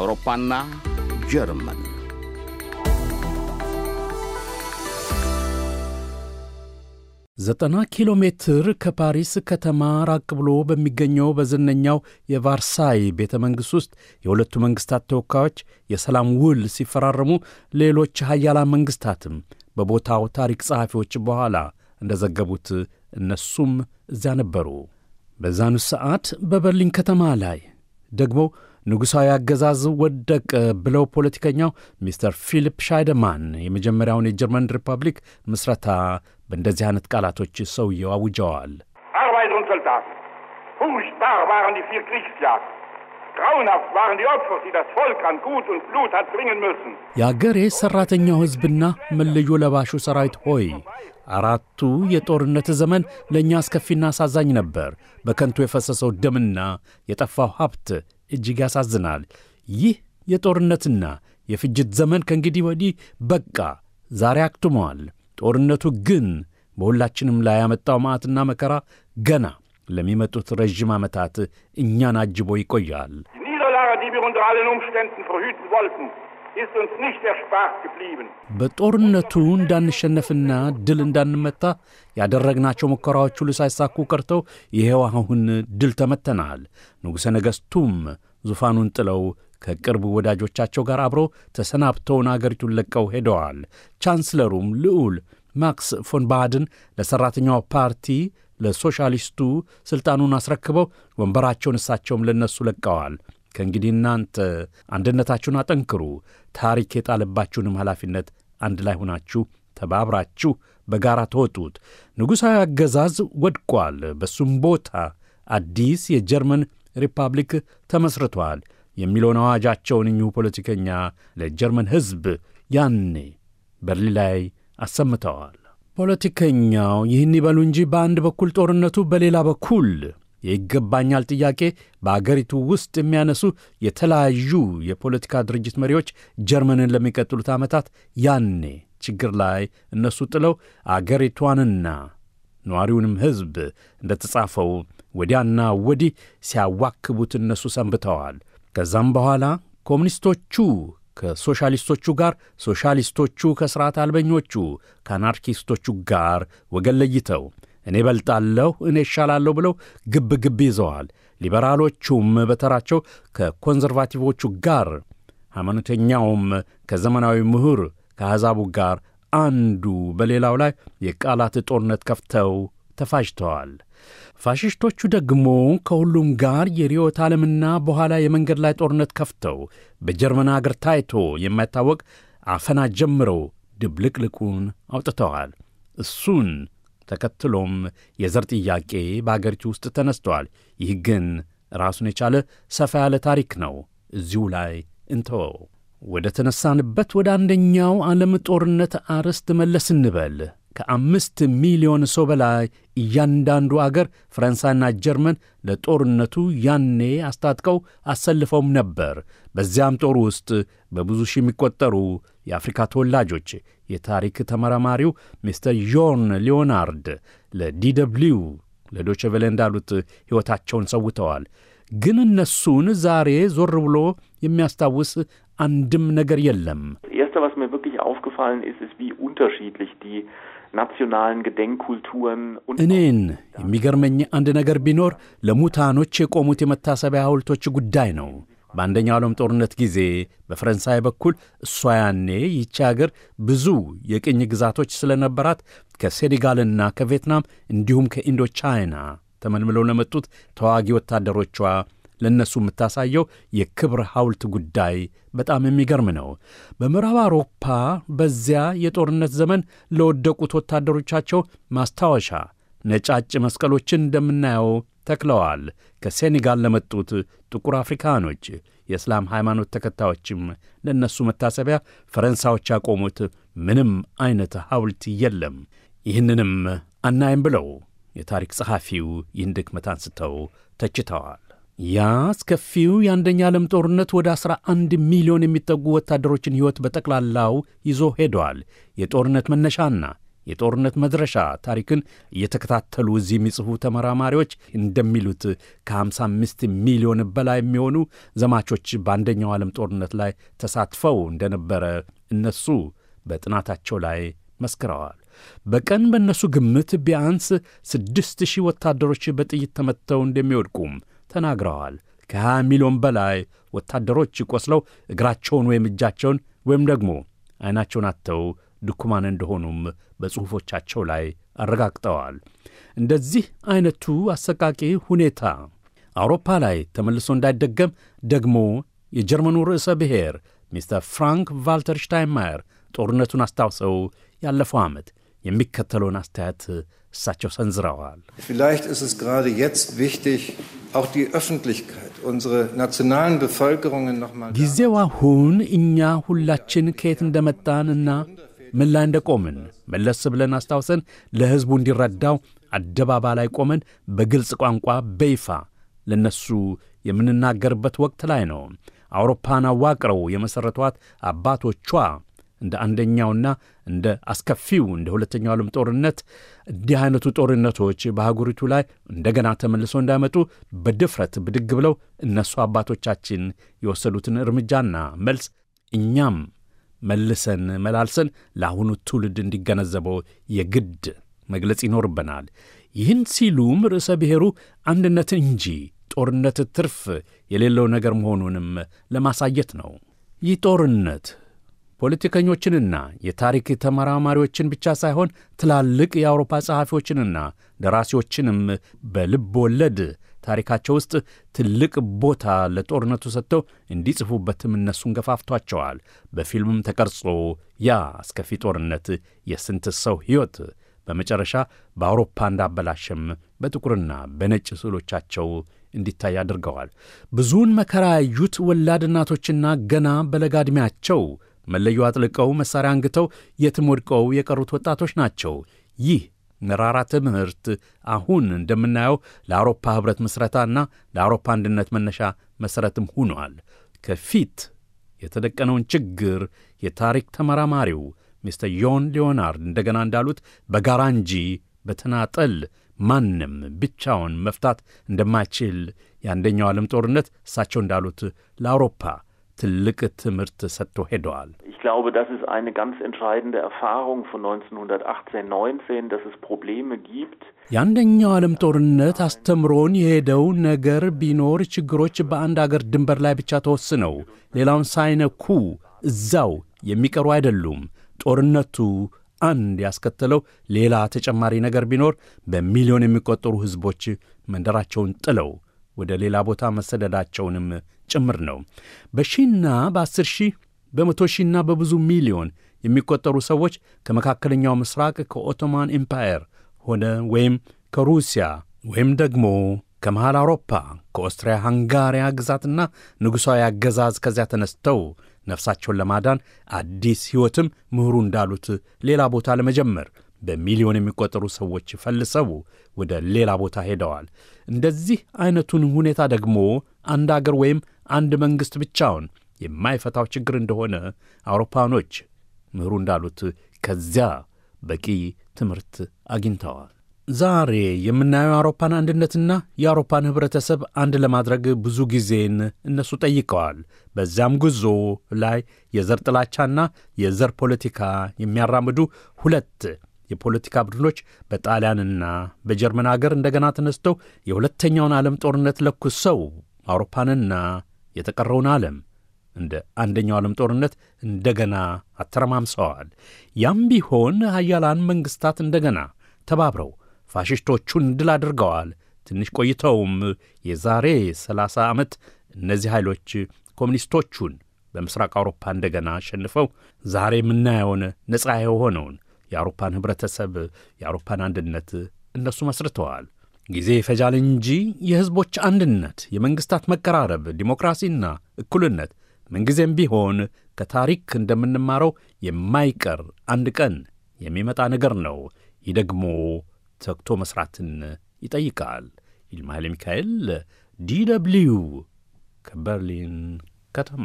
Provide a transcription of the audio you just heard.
አውሮፓና ጀርመን ዘጠና ኪሎ ሜትር ከፓሪስ ከተማ ራቅ ብሎ በሚገኘው በዝነኛው የቫርሳይ ቤተ መንግሥት ውስጥ የሁለቱ መንግሥታት ተወካዮች የሰላም ውል ሲፈራረሙ ሌሎች ሀያላ መንግሥታትም በቦታው ታሪክ ጸሐፊዎች በኋላ እንደ ዘገቡት እነሱም እዚያ ነበሩ። በዛኑ ሰዓት በበርሊን ከተማ ላይ ደግሞ ንጉሣዊ አገዛዝ ወደቅ ብለው ፖለቲከኛው ሚስተር ፊሊፕ ሻይደማን የመጀመሪያውን የጀርመን ሪፐብሊክ ምስረታ በእንደዚህ አይነት ቃላቶች ሰውየው አውጀዋል። የአገሬ ሠራተኛው ሕዝብና መለዮ ለባሹ ሰራዊት ሆይ አራቱ የጦርነት ዘመን ለእኛ አስከፊና አሳዛኝ ነበር። በከንቱ የፈሰሰው ደምና የጠፋው ሀብት እጅግ ያሳዝናል። ይህ የጦርነትና የፍጅት ዘመን ከእንግዲህ ወዲህ በቃ ዛሬ አክትሟል። ጦርነቱ ግን በሁላችንም ላይ ያመጣው መዓትና መከራ ገና ለሚመጡት ረዥም ዓመታት እኛን አጅቦ ይቆያል። በጦርነቱ እንዳንሸነፍና ድል እንዳንመታ ያደረግናቸው ሙከራዎች ሁሉ ሳይሳኩ ቀርተው ይኸው አሁን ድል ተመተናል። ንጉሠ ነገሥቱም ዙፋኑን ጥለው ከቅርብ ወዳጆቻቸው ጋር አብሮ ተሰናብተውን አገሪቱን ለቀው ሄደዋል። ቻንስለሩም ልዑል ማክስ ፎን ባድን ለሠራተኛው ፓርቲ ለሶሻሊስቱ ሥልጣኑን አስረክበው ወንበራቸውን እሳቸውም ለነሱ ለቀዋል። ከእንግዲህ እናንተ አንድነታችሁን አጠንክሩ፣ ታሪክ የጣለባችሁንም ኃላፊነት አንድ ላይ ሆናችሁ ተባብራችሁ በጋራ ተወጡት። ንጉሣዊ አገዛዝ ወድቋል። በሱም ቦታ አዲስ የጀርመን ሪፐብሊክ ተመስርቷል የሚለውን አዋጃቸውን እኚሁ ፖለቲከኛ ለጀርመን ሕዝብ ያኔ በርሊን ላይ አሰምተዋል። ፖለቲከኛው ይህን ይበሉ እንጂ በአንድ በኩል ጦርነቱ፣ በሌላ በኩል የይገባኛል ጥያቄ በአገሪቱ ውስጥ የሚያነሱ የተለያዩ የፖለቲካ ድርጅት መሪዎች ጀርመንን ለሚቀጥሉት ዓመታት ያኔ ችግር ላይ እነሱ ጥለው አገሪቷንና ነዋሪውንም ሕዝብ ተጻፈው ወዲያና ወዲህ ሲያዋክቡት እነሱ ሰንብተዋል። ከዛም በኋላ ኮሚኒስቶቹ ከሶሻሊስቶቹ ጋር፣ ሶሻሊስቶቹ ከሥርዓት አልበኞቹ ከአናርኪስቶቹ ጋር ወገን ለይተው እኔ በልጣለሁ እኔ ይሻላለሁ ብለው ግብ ግብ ይዘዋል። ሊበራሎቹም በተራቸው ከኮንዘርቫቲቮቹ ጋር፣ ሃይማኖተኛውም ከዘመናዊ ምሁር ከአሕዛቡ ጋር አንዱ በሌላው ላይ የቃላት ጦርነት ከፍተው ተፋጅተዋል። ፋሽስቶቹ ደግሞ ከሁሉም ጋር የርዕዮተ ዓለምና በኋላ የመንገድ ላይ ጦርነት ከፍተው በጀርመን አገር ታይቶ የማይታወቅ አፈና ጀምረው ድብልቅልቁን አውጥተዋል። እሱን ተከትሎም የዘር ጥያቄ በአገሪቱ ውስጥ ተነስተዋል። ይህ ግን ራሱን የቻለ ሰፋ ያለ ታሪክ ነው። እዚሁ ላይ እንተወው። ወደ ተነሳንበት ወደ አንደኛው ዓለም ጦርነት አርዕስት መለስ እንበል። ከአምስት ሚሊዮን ሰው በላይ እያንዳንዱ አገር ፈረንሳይና ጀርመን ለጦርነቱ ያኔ አስታጥቀው አሰልፈውም ነበር። በዚያም ጦር ውስጥ በብዙ ሺህ የሚቆጠሩ የአፍሪካ ተወላጆች የታሪክ ተመራማሪው ሚስተር ጆን ሊዮናርድ ለዲደብልዩ ለዶቼ እንዳሉት ሕይወታቸውን ሰውተዋል። ግን እነሱን ዛሬ ዞር ብሎ የሚያስታውስ አንድም ነገር የለም። እኔን የሚገርመኝ አንድ ነገር ቢኖር ለሙታኖች የቆሙት የመታሰቢያ ሐውልቶች ጉዳይ ነው። በአንደኛው ዓለም ጦርነት ጊዜ በፈረንሳይ በኩል እሷ ያኔ ይቺ አገር ብዙ የቅኝ ግዛቶች ስለነበራት ከሴኔጋልና ከቪየትናም እንዲሁም ከኢንዶቻይና ተመልምለው ለመጡት ተዋጊ ወታደሮቿ ለእነሱ የምታሳየው የክብር ሐውልት ጉዳይ በጣም የሚገርም ነው። በምዕራብ አውሮፓ በዚያ የጦርነት ዘመን ለወደቁት ወታደሮቻቸው ማስታወሻ ነጫጭ መስቀሎችን እንደምናየው ተክለዋል። ከሴኔጋል ለመጡት ጥቁር አፍሪካኖች የእስላም ሃይማኖት ተከታዮችም ለእነሱ መታሰቢያ ፈረንሳዮች ያቆሙት ምንም አይነት ሐውልት የለም። ይህንንም አናይም ብለው የታሪክ ጸሐፊው ይህን ድክመት አንስተው ተችተዋል። ያ አስከፊው የአንደኛ ዓለም ጦርነት ወደ 11 ሚሊዮን የሚጠጉ ወታደሮችን ሕይወት በጠቅላላው ይዞ ሄደዋል። የጦርነት መነሻና የጦርነት መድረሻ ታሪክን እየተከታተሉ እዚህ የሚጽፉ ተመራማሪዎች እንደሚሉት ከ55 ሚሊዮን በላይ የሚሆኑ ዘማቾች በአንደኛው ዓለም ጦርነት ላይ ተሳትፈው እንደነበረ እነሱ በጥናታቸው ላይ መስክረዋል። በቀን በእነሱ ግምት ቢያንስ ስድስት ሺህ ወታደሮች በጥይት ተመትተው እንደሚወድቁም ተናግረዋል። ከ20 ሚሊዮን በላይ ወታደሮች ቆስለው እግራቸውን ወይም እጃቸውን ወይም ደግሞ ዐይናቸውን አጥተው ድኩማን እንደሆኑም በጽሑፎቻቸው ላይ አረጋግጠዋል። እንደዚህ ዐይነቱ አሰቃቂ ሁኔታ አውሮፓ ላይ ተመልሶ እንዳይደገም ደግሞ የጀርመኑ ርዕሰ ብሔር ሚስተር ፍራንክ ቫልተር ሽታይንማየር ጦርነቱን አስታውሰው ያለፈው ዓመት የሚከተለውን አስተያየት እሳቸው ሰንዝረዋል። ፊላይት ist es gerade jetzt wichtig, auch die Öffentlichkeit, unsere nationalen ጊዜው አሁን እኛ ሁላችን ከየት እንደመጣን እና ምን ላይ እንደቆምን መለስ ብለን አስታውሰን ለሕዝቡ እንዲረዳው አደባባይ ላይ ቆመን በግልጽ ቋንቋ በይፋ ለነሱ የምንናገርበት ወቅት ላይ ነው። አውሮፓን አዋቅረው የመሠረቷት አባቶቿ እንደ አንደኛውና እንደ አስከፊው እንደ ሁለተኛው ዓለም ጦርነት እንዲህ አይነቱ ጦርነቶች በአህጉሪቱ ላይ እንደገና ተመልሶ እንዳይመጡ በድፍረት ብድግ ብለው እነሱ አባቶቻችን የወሰዱትን እርምጃና መልስ እኛም መልሰን መላልሰን ለአሁኑ ትውልድ እንዲገነዘበው የግድ መግለጽ ይኖርብናል ይህን ሲሉም ርዕሰ ብሔሩ አንድነት እንጂ ጦርነት ትርፍ የሌለው ነገር መሆኑንም ለማሳየት ነው። ይህ ጦርነት ፖለቲከኞችንና የታሪክ ተመራማሪዎችን ብቻ ሳይሆን ትላልቅ የአውሮፓ ጸሐፊዎችንና ደራሲዎችንም በልብ ወለድ ታሪካቸው ውስጥ ትልቅ ቦታ ለጦርነቱ ሰጥተው እንዲጽፉበትም እነሱን ገፋፍቷቸዋል። በፊልምም ተቀርጾ ያ አስከፊ ጦርነት የስንት ሰው ሕይወት በመጨረሻ በአውሮፓ እንዳበላሸም በጥቁርና በነጭ ስዕሎቻቸው እንዲታይ አድርገዋል። ብዙውን መከራ ያዩት ወላድ እናቶችና ገና በለጋ ዕድሜያቸው መለዮ አጥልቀው መሣሪያ አንግተው የትም ወድቀው የቀሩት ወጣቶች ናቸው። ይህ መራራ ትምህርት አሁን እንደምናየው ለአውሮፓ ኅብረት ምሥረታና ለአውሮፓ አንድነት መነሻ መሠረትም ሆኗል። ከፊት የተደቀነውን ችግር የታሪክ ተመራማሪው ሚስተር ዮን ሊዮናርድ እንደገና እንዳሉት በጋራ እንጂ በተናጠል ማንም ብቻውን መፍታት እንደማይችል የአንደኛው ዓለም ጦርነት እሳቸው እንዳሉት ለአውሮፓ ትልቅ ትምህርት ሰጥቶ ሄደዋል። Ich glaube, das ist eine ganz entscheidende Erfahrung von 1918, 19, dass es Probleme gibt. የአንደኛው ዓለም ጦርነት አስተምሮን የሄደው ነገር ቢኖር ችግሮች በአንድ አገር ድንበር ላይ ብቻ ተወስነው ሌላውን ሳይነኩ እዛው የሚቀሩ አይደሉም። ጦርነቱ አንድ ያስከተለው ሌላ ተጨማሪ ነገር ቢኖር በሚሊዮን የሚቆጠሩ ሕዝቦች መንደራቸውን ጥለው ወደ ሌላ ቦታ መሰደዳቸውንም ጭምር ነው። በሺና በአስር ሺህ በመቶ ሺና በብዙ ሚሊዮን የሚቆጠሩ ሰዎች ከመካከለኛው ምስራቅ ከኦቶማን ኢምፓየር ሆነ ወይም ከሩሲያ ወይም ደግሞ ከመሃል አውሮፓ ከኦስትሪያ ሃንጋሪያ ግዛትና ንጉሣዊ አገዛዝ ከዚያ ተነስተው ነፍሳቸውን ለማዳን አዲስ ሕይወትም ምሁሩ እንዳሉት ሌላ ቦታ ለመጀመር በሚሊዮን የሚቆጠሩ ሰዎች ፈልሰው ወደ ሌላ ቦታ ሄደዋል። እንደዚህ አይነቱን ሁኔታ ደግሞ አንድ አገር ወይም አንድ መንግሥት ብቻውን የማይፈታው ችግር እንደሆነ አውሮፓኖች ምሁሩ እንዳሉት ከዚያ በቂ ትምህርት አግኝተዋል። ዛሬ የምናየው የአውሮፓን አንድነትና የአውሮፓን ኅብረተሰብ አንድ ለማድረግ ብዙ ጊዜን እነሱ ጠይቀዋል። በዚያም ጉዞ ላይ የዘር ጥላቻና የዘር ፖለቲካ የሚያራምዱ ሁለት የፖለቲካ ቡድኖች በጣሊያንና በጀርመን አገር እንደገና ተነስተው የሁለተኛውን ዓለም ጦርነት ለኩሰው አውሮፓንና የተቀረውን ዓለም እንደ አንደኛው ዓለም ጦርነት እንደገና አተረማምሰዋል። ያም ቢሆን ሀያላን መንግሥታት እንደገና ተባብረው ፋሽስቶቹን ድል አድርገዋል። ትንሽ ቆይተውም የዛሬ 30 ዓመት እነዚህ ኃይሎች ኮሚኒስቶቹን በምሥራቅ አውሮፓ እንደገና አሸንፈው ዛሬ የምናየውን ነጻ የሆነውን የአውሮፓን ኅብረተሰብ፣ የአውሮፓን አንድነት እነሱ መስርተዋል። ጊዜ ይፈጃል እንጂ የሕዝቦች አንድነት፣ የመንግሥታት መቀራረብ፣ ዲሞክራሲና እኩልነት ምንጊዜም ቢሆን ከታሪክ እንደምንማረው የማይቀር አንድ ቀን የሚመጣ ነገር ነው። ይህ ደግሞ ተግቶ መሥራትን ይጠይቃል። ይልማ ኃይለ ሚካኤል ዲ ደብልዩ ከበርሊን ከተማ